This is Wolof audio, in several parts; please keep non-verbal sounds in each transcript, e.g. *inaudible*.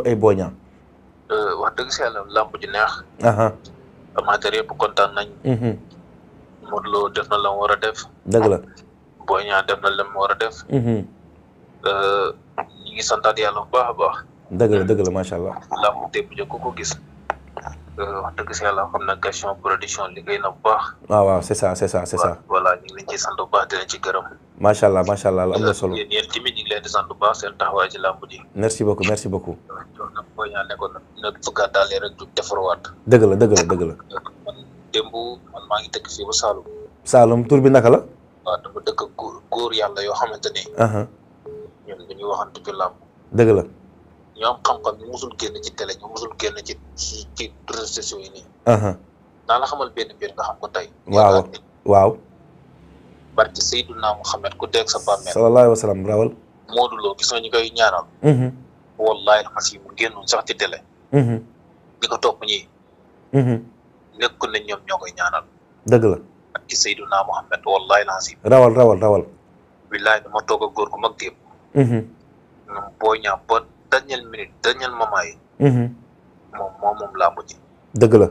ay Boy Niang euh, wax dëgg si yàlla làmb ji neex amateur yëpp kontaan nañ mhm. Modou Lo def na la mu war a def dëgg la Boy Niang def la war a def mhm. euh, ñu ngi santaat yàlla baax a baax dëgg la dëgg la macha allah làmb démb ku ko gis Euh, wax dëgg si yàlla xam na Gaston production liggéey na bu baax. waaw ah, waaw c'est ça c'est ça c'est ça. voilà ñu ngi allah macha am na solo yéen yéen tamit ñu ngi leen di sant bu baax seen taxawaay ci làmb ji. merci beaucoup merci beaucoup. loolu nag mooy ñaan nekkoon nag fukkaat daalee dëgg la dëgg la dëgg la. Euh, man démb man maa ngi dëkk fii ba Saloum. Saloum tur bi naka la. waaw dama dëkk góor yàlla yoo xamante ni. ñun dañuy waxante ci làmb. dëgg la. ñu am xam-xam ñu musul génn ci télé ñu musul génn ci ci ci réseaux sociaux yi naa la xamal benn mbir nga xam ko tey. waaw waaw. barke Seydina Muhammad ku dégg sa bàmmeel. sallallahu alayhi wa sallam rawal. Modou Lo gis nga ñu koy ñaanal. Mhm. wallahi xas yi mu génnoon sax ci télé. ñi mhm. ko topp ñii. Mhm. nekkul ne ñoom ñoo koy ñaanal. dëgg la. barke Seydina Muhammad wallahi xas yi. rawal rawal rawal. billahi dama toog a góor gu mag démb. boo ñaam dernière minute dernier moment yi. Mhm. moom moom moom dëgg la.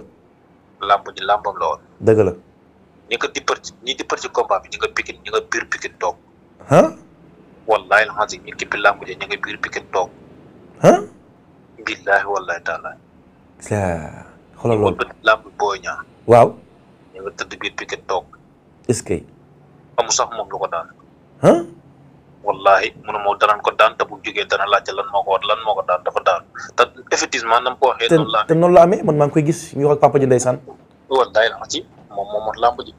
làmb ji làmbam la woon. dëgg la. ñi nga dippar ci ñi dippar ci combat bi ñi nga pikin ñi nga biir pikin toog. wallaahi alhamdulilah ñi ngi bi làmb nga biir pikin toog. billaahi wallaahi taala. xoolal loolu ñu làmb waaw. ñi nga tëdd biir toog. est-ce amu sax moom lu ko daan. wallahi mo daran ko dan ta bu joge dana laajte lan moko wat lan moko dan daan dafa dan ta effectivement nam ko waxe non la te non la amé man mang koy gis ñu ak papa ji ndaysan wa day la ci mom mom mot lamb ji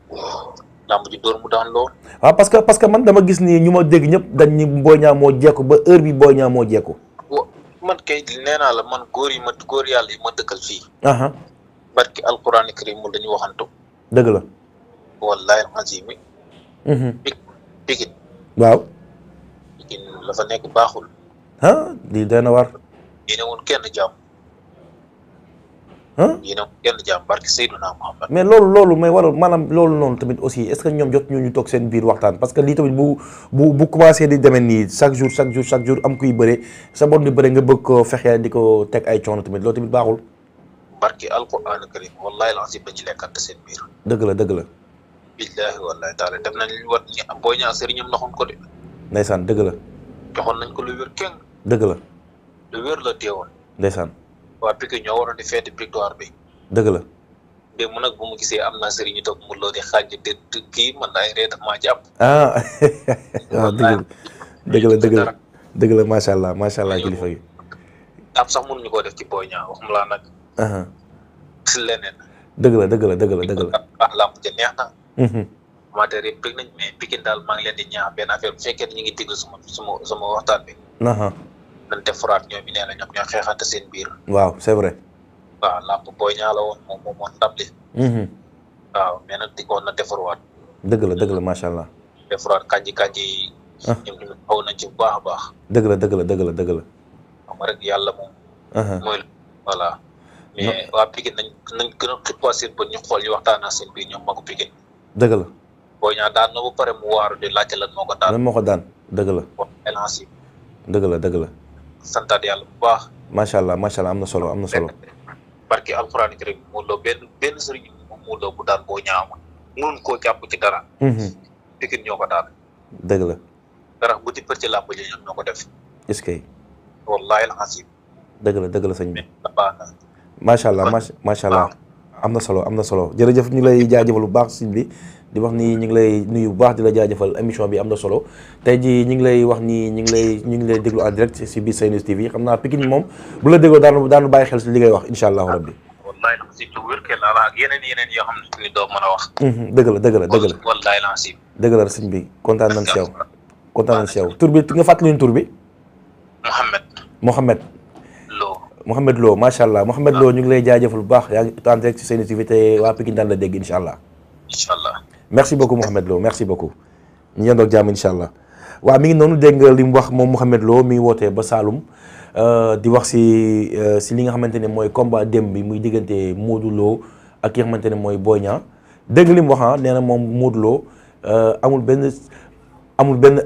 lamb ji door mu dan lo wa parce que parce que man dama gis ni ñuma deg ñep dañ ni boy mo moo ba heure bi boy mo moo man kay nee naa la man góor yi ma góor yàlla yi ma fi aha barki alquran karim dañu waxantu deug la wallahi alazim mhm. bi bigit waaw la fa nekk baaxul. ah lii dana war. yéenewul kenn jàmm. yéenewul kenn jàmm barke Seydina Muhammad. mais loolu loolu may waral maanaam loolu noonu tamit aussi est-ce que ñoom jot ñu toog seen biir waxtaan parce que lii tamit bu bu bu commencé di demee nii chaque jour chaque jour chaque jour am kuy bëre sa bon di bëre nga bëgg ko fexe di ko teg ay coono tamit loolu tamit baaxul. barke alquran karim wallahi lazim dañuy lekkante seen biir. dëgg la dëgg la. billahi wallahi taala def nañ li ñu war ñi am boo ñaax dëgg la. joxoon nañ ko lu wér keng. dëgg la. lu wér la teewoon. ndeysaan. waa Pique ñoo waroon di feeti victoire bi. dëgg la. démb nag bu mu gisee am naa sëriñ ñu toog mu loo di xaaj kan te kii man daay ree daf maa ah waaw dëgg la dëgg la dëgg la macha allah macha allah kilifa gi. ab sax mënuñu koo def ci booy ñaa waxum laa nag. si leneen. dëgg la dëgg la dëgg la dëgg la. ah làmb neex na. Materi yëpp bëgg nañ mais Pikine daal maa ngi leen di ñaax benn affaire bu fekkee ñu ngi diggu sama sama sama waxtaan bi. dañ def furaat ñoom ñu nee na ñoom ñoo xeexante seen biir. waaw c'est vrai. waaw làmb booy nah, ñaala woon moom moom moo ndam li. waaw mais mhm. nag di ko na defarwaat. dëgg la dëgg la macha allah. defarwaat kàjji kaji yi. ñoom tamit xaw na ci bu baax a baax. dëgg la dëgg la dëgg la dëgg la. xam nga rek yàlla moom. mooy voilà. mais waa Pikine nañ nañ gën a xippaat seen ñu xool ñu waxtaan seen biir Boy Niang daan na ba pare mu waaru di laajte lan moo ko daan. lan moo ko daan dëgg la. élanci. dëgg la dëgg la. santaat yàlla bu baax. macha allah macha allah am solo am solo. barki alquran karim mu loo ben benn sëriñ mu loo bu daan Boy Niang amul. mënuñ koo jàpp ci dara. Mhm. pikin ñoo ko daan. dëgg la. dara bu di për ci làmb ji ñoo ko def. est wallahi alhasim. dëgg la dëgg la sëñ bi. macha allah macha allah. am na solo am na solo jërëjëf ñu lay jaajëfal bu baax sëñ bi di wax ni ñu ngi lay nuyu bu baax di la jaajëfal émission bi am na solo tey ji ñu ngi lay wax ni ñu ngi lay ñu ngi lay déglu al direct si biir Saint-Louis TV xam naa Pikine moom bu la dégloo daanu daanu bàyyi xel si li ngay wax incha rabbi ah, wallaay la si wér ala ak yeneen yeneen yoo mhm, dëgg la dëgg si bi kontaan nañ si yow *laughs* kontaan nañ si yow tur bi tur bi Muhammad Lo masya allah Mohamed Lo ah. ñu ngi lay jaajëfal bu baax yaa ngi en direct ci seen activité waa allah. allah merci beaucoup Mohamed Lo merci beaucoup. ñu dok jam, insha allah Wa mi ngi noonu dégg nga mu wax Lo mi wote ba Saloum euh, di wax si si euh, li nga xamante moy mooy combat démb bi muy diggante Modou Lo ak ki nga xamante ne dégg mu wax ah, Lo euh, amul benn amul benn.